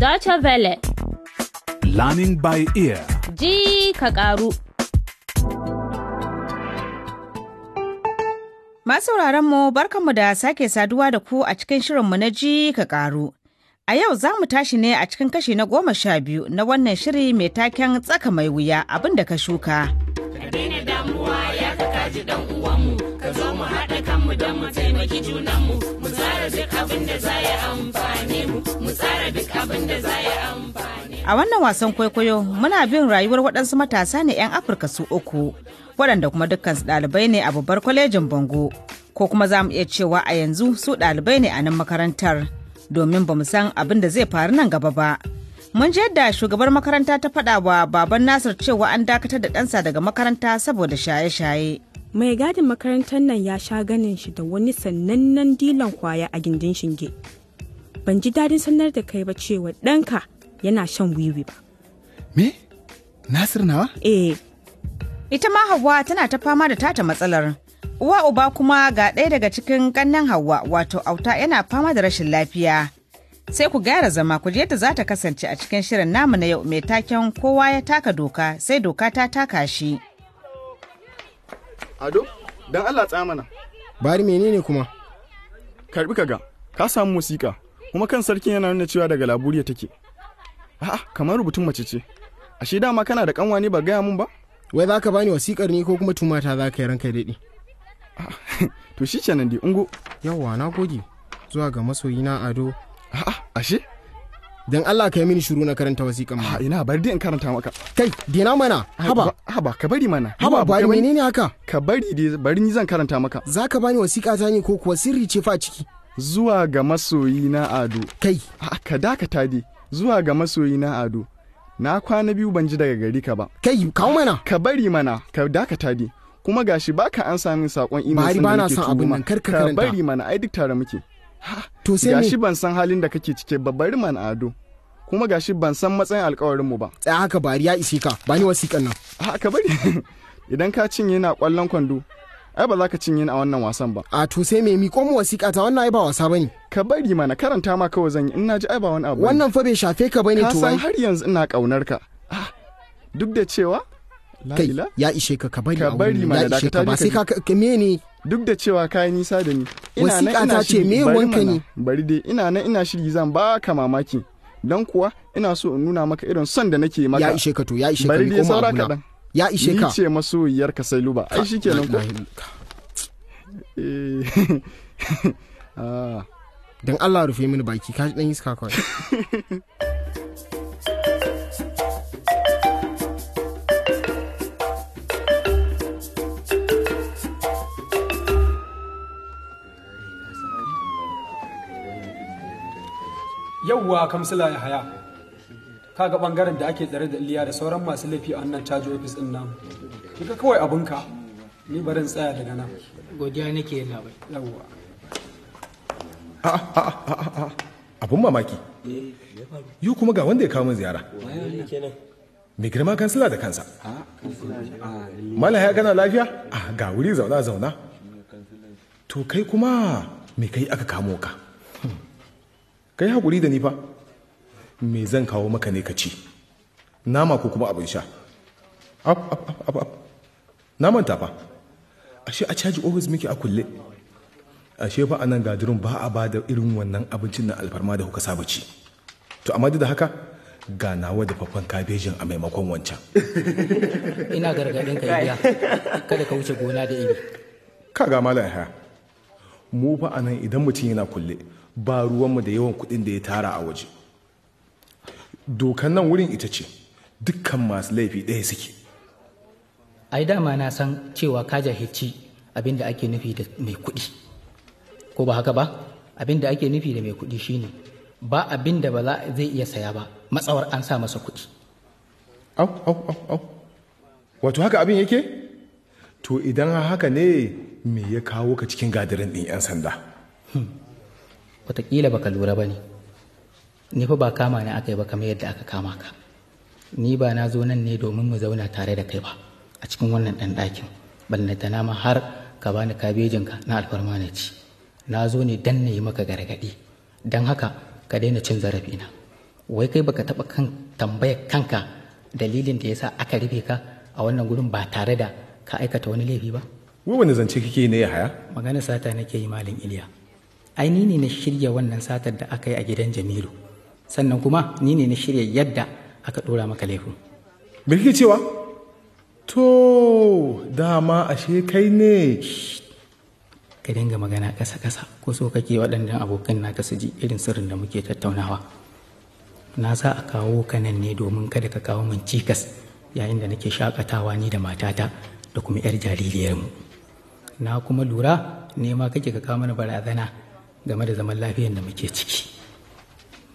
Dacha Vele. Learning by ear. Ji ka ƙaru. Masu mu barkanmu da sake saduwa da ku a cikin shirinmu na ji ka ƙaru. A yau za mu tashi ne a cikin kashi na goma sha biyu na wannan shiri mai taken tsaka mai wuya abin da ka shuka. Ka kowa ya ka kaji dan uwanmu ka zo mu haɗa kanmu don mu taimaki junanmu mu tsara duk abin da za ya mu mu tsara duk abin da a wannan wasan kwaikwayo muna bin rayuwar waɗansu matasa ne 'yan afirka su uku waɗanda kuma dukkan ɗalibai ne a babbar kwalejin bango ko kuma za mu iya cewa a yanzu su ɗalibai ne a nan makarantar domin ba mu san abin da zai faru nan gaba ba Mun ji yadda shugabar makaranta ta faɗa wa baban Nasir cewa an dakatar da ɗansa daga makaranta saboda shaye-shaye. Mai gadin makarantar nan ya sha ganin shi da wani sannannen dilan kwaya a gindin shinge. Ban ji dadin sanar da kai ba cewa ɗanka yana shan wiwi ba. Me? Nasir nawa? Eh. Ita ma Hauwa tana ta fama da tata matsalar. Uwa uba kuma ga ɗaya daga cikin ƙannen Hauwa wato auta yana fama da rashin lafiya. sai ku gyara zama ku ta za ta kasance a cikin shirin namu na yau mai taken kowa ya taka doka sai doka ta taka shi. Ado, don Allah tsamana. Bari menene kuma? Karbi ka ga, ka samu musika kuma kan sarkin yana nuna cewa daga laburiya take. A'a, kamar rubutun mace ce. Ashe dama kana da kanwa ne ba gaya mun ba? Wai za ka bani wasikar ne ko kuma tumata za ka yi ranka daɗi. to shi kenan dai ungo. Yawwa na goge zuwa ga masoyina Ado A'a, ashe? Dan Allah ka yi mini shiru na karanta wasiƙan ma. Ina bari dai in karanta maka. Kai, dina mana. Haba. Haba, ka bari mana. Haba, bari menene haka? Ka bari dai, bari ni zan karanta maka. Za ka bani wasiƙa ta ne ko kuwa sirri ce fa a ciki? Zuwa ga masoyi na Ado. Kai. Ka dakata dai. Zuwa ga masoyi na Ado. Na kwana biyu ban ji daga gari ka ba. Kai, kawo mana. Ka bari mana. Ka dakata dai. Kuma gashi baka an sami saƙon email. Bari bana son abin nan kar ka karanta. Ka bari mana ai duk tare muke. to sai gashi ban san halin da kake cike babbar man ado kuma gashi ban san matsayin alkawarin mu ba tsaya haka bari ya ishe ka ba ni wasiƙan nan ah, haka bari idan ka cinye na kwallon kwando ai ba za ka cinye a wannan wasan ba a to sai me mi ko mu wasiƙa ta wannan ai ba wasa bane ka bari mana karanta ma kawai zan yi in naji ai ba wani abu wannan fa bai shafe ka bane to ka san har yanzu ina kaunar ka ah, duk da cewa kai ya ishe ka ka bari ka bari mana da ka ba sai ka me ne duk da cewa kayan nisa da ni Wasiƙa ta ce me wanka ne bari dai ina nan ina shiri zan baka mamaki dan kuwa ina so in nuna maka irin son da nake maka ya ishe ka to ya ishe ka bari dai saura dan. ya ishe ka ni ce masoyiyar ka sai luba ai kenan ko eh. ah. dan Allah rufe mini baki ka dan iska kawai yawwa kamsila ya haya kaga bangaren da ake tsare da iliya da sauran masu laifi a nan caji ofis din nan kika kawai abinka ni barin tsaya daga nan godiya nake yana bai yawwa abun mamaki yi kuma ga wanda ya kawo min ziyara mai girma kansila da kansa mala ya gana lafiya ah, ga wuri zauna zauna to kai kuma mai kai aka kamo ka kai haƙuri da ni fa me zan kawo maka ne ka ci nama ko kuma abin sha naman ap fa ashe a caji ofis muke a kulle ashe fa anan gadirin ba a ba da irin wannan abincin na alfarma da kuka saba ci to amma da haka ga nawa da faffan kabejin a maimakon wancan ina gargaɗin ka iya kada ka wuce gona da iri ka ga malam haya mu fa anan idan mutum yana kulle ba ruwanmu da yawan kuɗin da ya tara a waje dokan nan wurin ita ce dukkan masu laifi ɗaya suke ai dama na san cewa ka jahilci abin da ake nufi da mai kuɗi ko ba haka ba abin ake nufi da mai kuɗi shine ba abin da ba zai iya saya ba matsawar an sa masa kuɗi au au au au wato haka abin yake to idan haka ne me ya kawo ka cikin gadirin ɗin 'yan sanda hmm. wataƙila baka lura ba ne ni fa ba kama ni aka yi ba kamar yadda aka kama ka ni ba na zo nan ne domin mu zauna tare da kai ba a cikin wannan ɗan ɗakin ballanta na ma har ka bani kabejinka na alfarma na ci na zo ne dan na yi maka gargaɗi don haka ka daina cin na. wai kai baka taɓa kan tambayar kanka dalilin da yasa aka rufe ka a wannan gurin ba tare da ka aikata wani laifi ba wai wani zance kike ne ya haya magana sata nake yi malin iliya ai ni ne na shirya wannan satar da aka yi a gidan jamilu sannan kuma ni ne na shirya yadda aka ɗora maka laifin me cewa to dama ashe kai ne ka dinga magana ƙasa ƙasa ko so kake waɗannan abokan naka su ji irin sirrin da muke tattaunawa na sa a kawo ka nan ne domin kada ka kawo min cikas yayin da nake shakatawa ni da matata da kuma 'yar jaririyarmu na kuma lura nema kake ka kawo mana barazana game da zaman lafiyar da muke ciki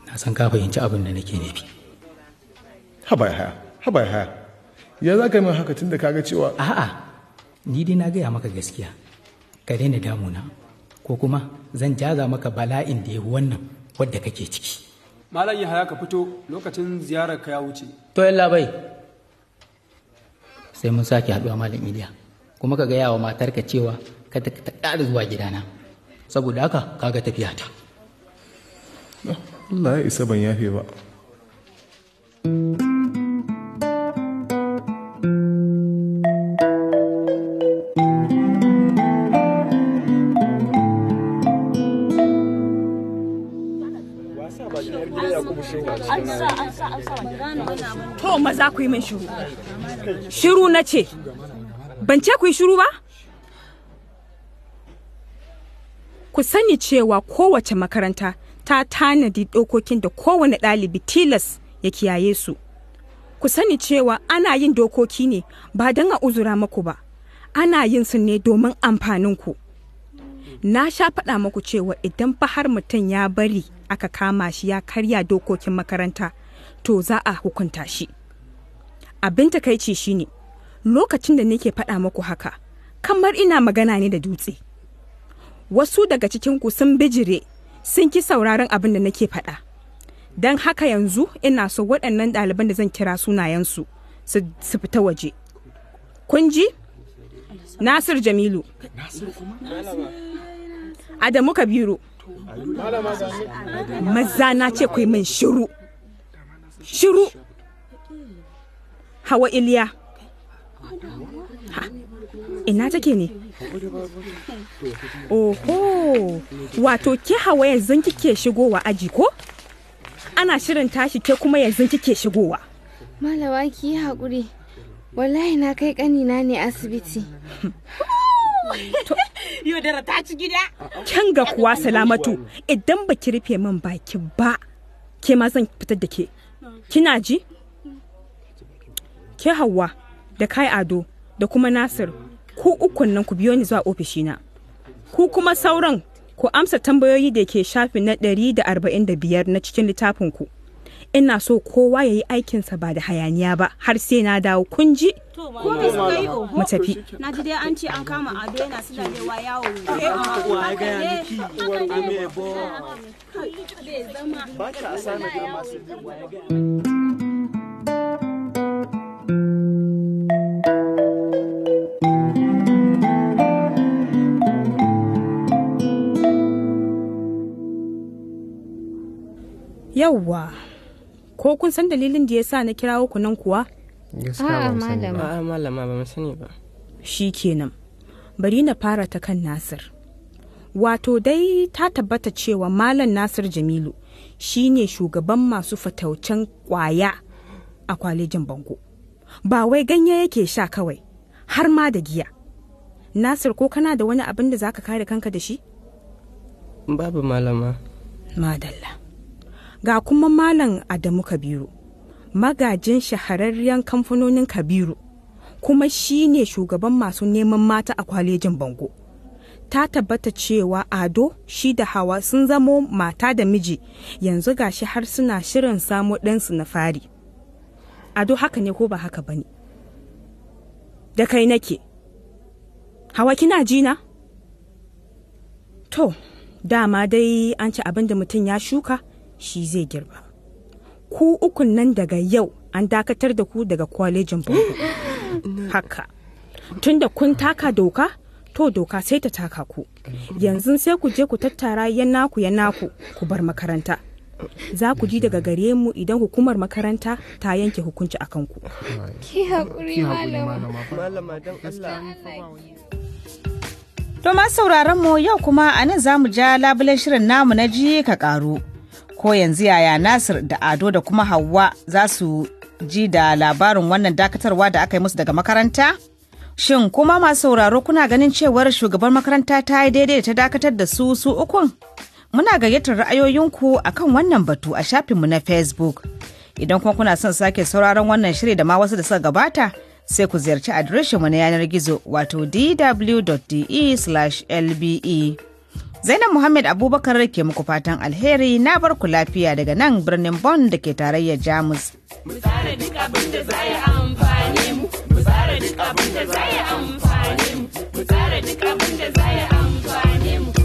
na san ka fahimci abin da nake nufi haba ya haya ya za ka yi min haka tun da ka ga cewa a'a ni dai na gaya maka gaskiya ka daina damuna ko kuma zan jaza maka bala'in da ya wannan wadda kake ciki malam ya haya ka fito lokacin ziyarar ka ya wuce to yalla bai sai mun sake haɗuwa malam iliya kuma ka gaya wa matarka cewa ka ta ƙara zuwa gidana saboda haka kaga tafiya ta Allah ya isa ban yafe ba To maza ku yi min shiru. Shiru na ce, ban ce ku yi shiru ba? ku sani cewa kowace makaranta ta tanadi dokokin da kowane ɗalibi tilas ya kiyaye su ku sani cewa ana yin dokoki ne ba don a uzura maku ba ana yin su ne domin amfaninku na sha faɗa maku cewa idan bahar mutum ya bari aka kama shi ya karya dokokin makaranta to za a hukunta shi abin takaici shine lokacin da nake faɗa maku haka kamar ina magana ne da dutse wasu daga cikinku sun bijire sun ki sauraron abin da nake faɗa don haka yanzu ina so waɗannan ɗaliban da zan kira sunayensu su fita waje kun ji nasir jamilu adamu kabiru maza na ce kai min shiru shiru hawa iliya ina take ne oho wato ke hawa yanzu kike shigowa aji ko ana shirin tashi ke kuma yanzu kike shigowa malawa ki yi haƙuri wallahi na kai ƙanina ne asibiti yaudara ta ci gida ga kuwa salamatu idan ba ki rufe min baki ba ke ma zan fitar da ke kina ji ke hawa da kai ado da kuma nasir ku ukun nan ku biyo ni zuwa ofishina ku kuma sauran ku amsa tambayoyi da ke shafi na ɗari da da arba'in biyar na cikin littafin ku ina so kowa ya yi aikinsa ba da hayaniya ba har sai na dawo kun ji mu tafi na ji dai an ce an kama ado yana suna su yawo Thank eh, you. yawwa ko kun san dalilin da ya sa na kirawo ku nan kuwa a malama ba mu sani ba shikenan bari na fara ta kan nasir wato dai ta tabbata cewa malam nasir jamilu shi ne shugaban masu fataucen kwaya a kwalejin bango ba wai ganye yake sha kawai har ma da giya nasir ko kana da wani abin da za ka kare kanka da shi babu malama madalla ga kuma malam adamu kabiru magajin shahararren kamfanonin kabiru kuma shi ne shugaban masu neman mata a kwalejin bango ta tabbata cewa ado shi da hawa sun zamo mata da miji yanzu gashi har suna shirin samo ɗansu na fari ado haka ne ko ba haka ba ne? da kai nake hawa kina jina to dama dai an ci abin mutum ya shuka shi zai girba ku ukun nan daga yau an dakatar da ku daga kwalejin boko haka tun da kun taka doka to doka sai ta taka ku yanzu sai ku je ku tattara yanaku yanaku ku bar makaranta za ku ji daga gare mu idan hukumar makaranta ta yanke hukunci a kanku. Ki haƙuri To ma sauraron mu yau kuma a nan za mu ja labulen shirin namu na ji ka ƙaru. ko yanzu yaya Nasir da Ado da kuma Hauwa za su ji da labarin wannan dakatarwa da aka yi musu daga makaranta? Shin kuma masu sauraro kuna ganin cewar shugaban makaranta ta yi daidai da ta dakatar da su su ukun? Muna gayyatar ra'ayoyinku a kan wannan batu a shafinmu na Facebook. Idan kuma kuna son sake sauraron wannan shiri da ma wasu da suka gabata, sai ku ziyarci adireshinmu na yanar gizo wato dw.de/lbe. Zainab Muhammad Abubakar ke muku fatan alheri na barku lafiya daga nan birnin Bon da ke tarayyar Jamus. Mu